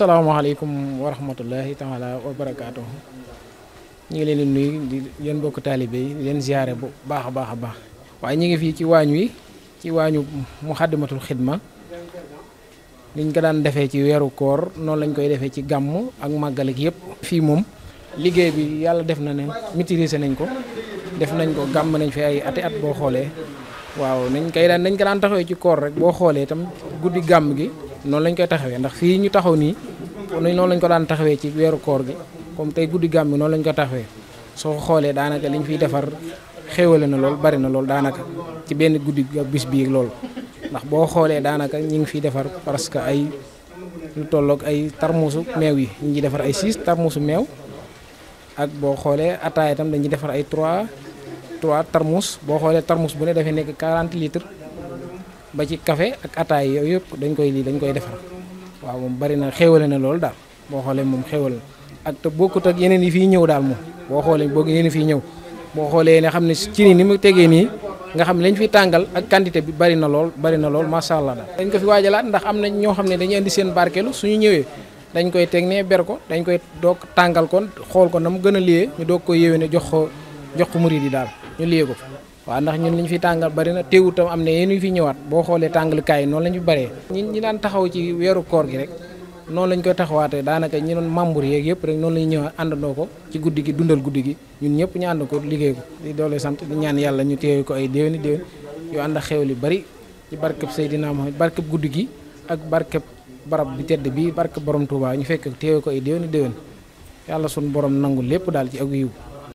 salaamaaleykum wa rahmatullahi taala wa barakaatu ñu ngi leen di nuyu di leen bokk taalibe yi di leen ziare bu baax a baax a baax waaye ñu ngi fii ci waañu wi ci waañu mu muxaddamatul xidma niñ ko daan defee ci weeru koor noonu lañ koy defee ci gàmm ak màggal ak yëpp. fii moom liggéey bi yàlla def na ne maîtriser nañ ko def nañ ko gàmm nañ fi ay ati at boo xoolee waaw nañ koy daan nañ ko daan taxawee ci koor rek boo xoolee itam guddi gàmm gi noonu lañ koy taxawee ndax ñu taxaw nii. ni noonu lañ ko daan taxawee ci weeru koor gi comme tey guddi gàmm noonu lañ ko taxawee soo xoolee daanaka liñ fiy defar xéwale na lool bari na lool daanaka ci benn guddi ak bis bii lool ndax boo xoolee daanaka ñi ngi fiy defar parce que ay lu tolloog ay tarmusu meew yi ñu ngi defar ay six tarmusu meew ak boo xoolee ataaya itam dañuy defar ay trois trois tarmus boo xoolee tarmus bu ne dafay nekk 40 litre ba ci café ak ataay yooyu yëpp dañ koy lii dañ koy defar waaw moom bari na xéewale na lool daal boo xoolee moom xéewal na ak te bokkut ak yeneen yi fii ñëw daal moom boo xoolee boog yeneen fii ñëw boo xoolee ne xam ne ci ni ni mu tegee nii nga xam ne lañ fi tàngal ak quantité bi bari na lool bari na lool macha allah daal. dañ ko fi waajalaat ndax am na ñoo xam ne dañuy indi seen su ñu ñëwee dañ koy teg ne ber ko dañ koy doog tàngal kon xool ko na mu gën a liyee ñu doog ko yéwee ne jox ko jox ko murid yi daal ñu liyee ko waaw ndax ñun li ñu fi tàngal bari na teewut tam am na yéen ñu fi ñëwaat boo xoolee tàngalukaay yi noonu lañu ñu fi bëree ñi ñi daan taxaw ci weeru koor gi rek noonu lañ koy taxawaatee daanaka ñi doon membre yeeg yëpp rek noonu la ñu ñëwaat àndandoo ko ci guddi gi dundal guddi gi ñun ñëpp ñu ànd ko liggéey ko di doole sant di ñaan yàlla ñu teew ko ay déwéni déwén yoo ànd ak xew yu bari ci barkeb Seydina Muhammad barkeb guddi gi ak barkeb barab bi tedd bi barkeb borom Touba ñu fekk teew ko ay déwéni déwén yàlla suñu borom nangu lépp daal ci ak yiw